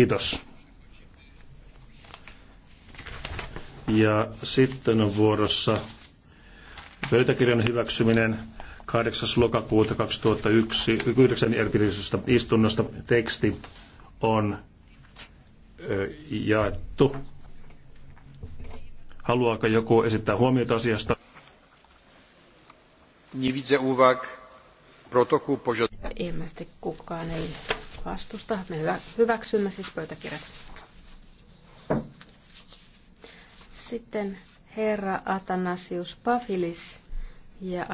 Kiitos. Ja sitten on vuorossa pöytäkirjan hyväksyminen 8. lokakuuta 2009 erpillisestä istunnosta. Teksti on jaettu. Haluaako joku esittää huomiota asiasta? Nie widzę uwag. Protokół Ilmeisesti kukaan ei vastusta. Me hyväksymme siis pöytäkirjat. Sitten herra Atanasius Pafilis ja